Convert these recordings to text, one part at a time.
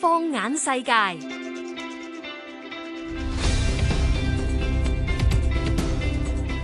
放眼世界，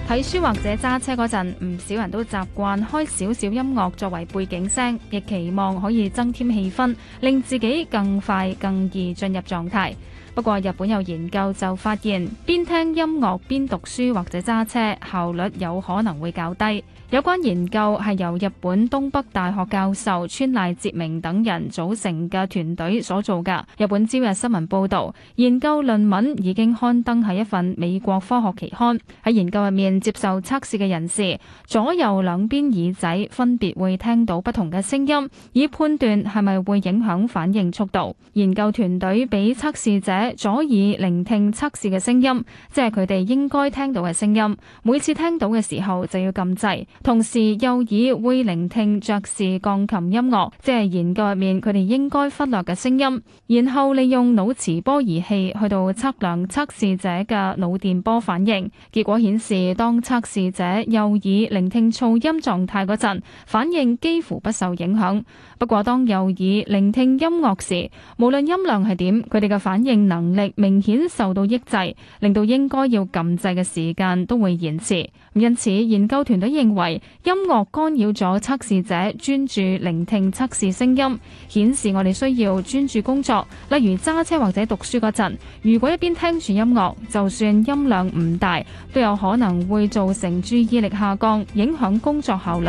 睇書或者揸車嗰陣，唔少人都習慣開少少音樂作為背景聲，亦期望可以增添氣氛，令自己更快，更易進入狀態。不過日本有研究就發現，邊聽音樂邊讀書或者揸車效率有可能會較低。有關研究係由日本東北大學教授川瀨哲明等人組成嘅團隊所做嘅。日本朝日新聞報道，研究論文已經刊登喺一份美國科學期刊。喺研究入面，接受測試嘅人士左右兩邊耳仔分別會聽到不同嘅聲音，以判斷係咪會影響反應速度。研究團隊俾測試者。左耳聆聽測試嘅聲音，即係佢哋應該聽到嘅聲音。每次聽到嘅時候就要撳掣，同時右耳會聆聽爵士鋼琴音樂，即係研究入面佢哋應該忽略嘅聲音。然後利用腦磁波儀器去到測量測試者嘅腦電波反應。結果顯示，當測試者右耳聆聽噪音狀態嗰陣，反應幾乎不受影響。不過，當右耳聆聽音樂時，無論音量係點，佢哋嘅反應。能力明顯受到抑制，令到應該要撳掣嘅時間都會延遲。因此，研究團隊認為音樂干擾咗測試者專注聆聽測試聲音，顯示我哋需要專注工作，例如揸車或者讀書嗰陣。如果一邊聽住音樂，就算音量唔大，都有可能會造成注意力下降，影響工作效率。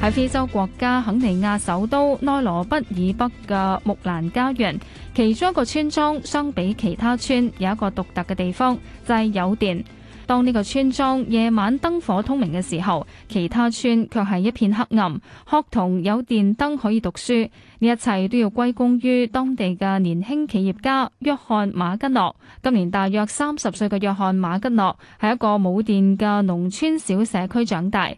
喺非洲國家肯尼亞首都內羅畢以北嘅木蘭家園，其中一個村莊相比其他村有一個獨特嘅地方，就係有電。當呢個村莊夜晚燈火通明嘅時候，其他村卻係一片黑暗。學童有電燈可以讀書，呢一切都要歸功於當地嘅年輕企業家約翰馬吉諾。今年大約三十歲嘅約翰馬吉諾係一個冇電嘅農村小社區長大。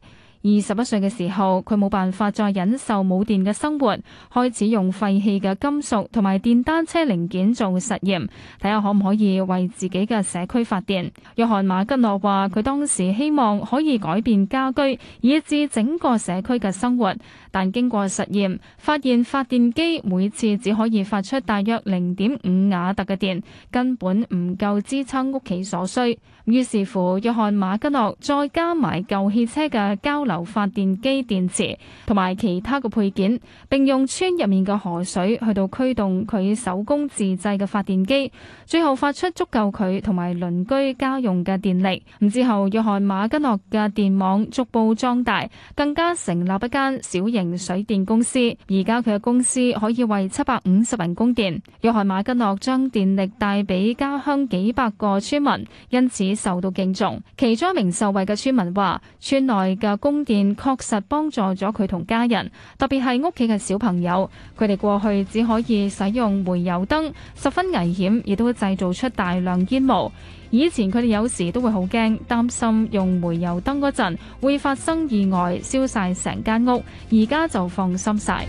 二十一歲嘅時候，佢冇辦法再忍受冇電嘅生活，開始用廢棄嘅金屬同埋電單車零件做實驗，睇下可唔可以為自己嘅社區發電。約翰馬吉諾話：佢當時希望可以改變家居，以致整個社區嘅生活。但經過實驗，發現發電機每次只可以發出大約零點五瓦特嘅電，根本唔夠支撐屋企所需。於是乎，約翰馬吉諾再加埋舊汽車嘅交流。由發電機、電池同埋其他嘅配件，並用村入面嘅河水去到驅動佢手工自製嘅發電機，最後發出足夠佢同埋鄰居家用嘅電力。咁之後，約翰馬吉諾嘅電網逐步壯大，更加成立一間小型水電公司。而家佢嘅公司可以為七百五十人供電。約翰馬吉諾將電力帶俾家鄉幾百個村民，因此受到敬重。其中一名受惠嘅村民話：村內嘅供。電確實幫助咗佢同家人，特別係屋企嘅小朋友。佢哋過去只可以使用煤油燈，十分危險，亦都製造出大量煙霧。以前佢哋有時都會好驚，擔心用煤油燈嗰陣會發生意外，燒晒成間屋。而家就放心晒。